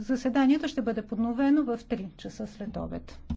Заседанието ще бъде подновено в 3 часа след обед.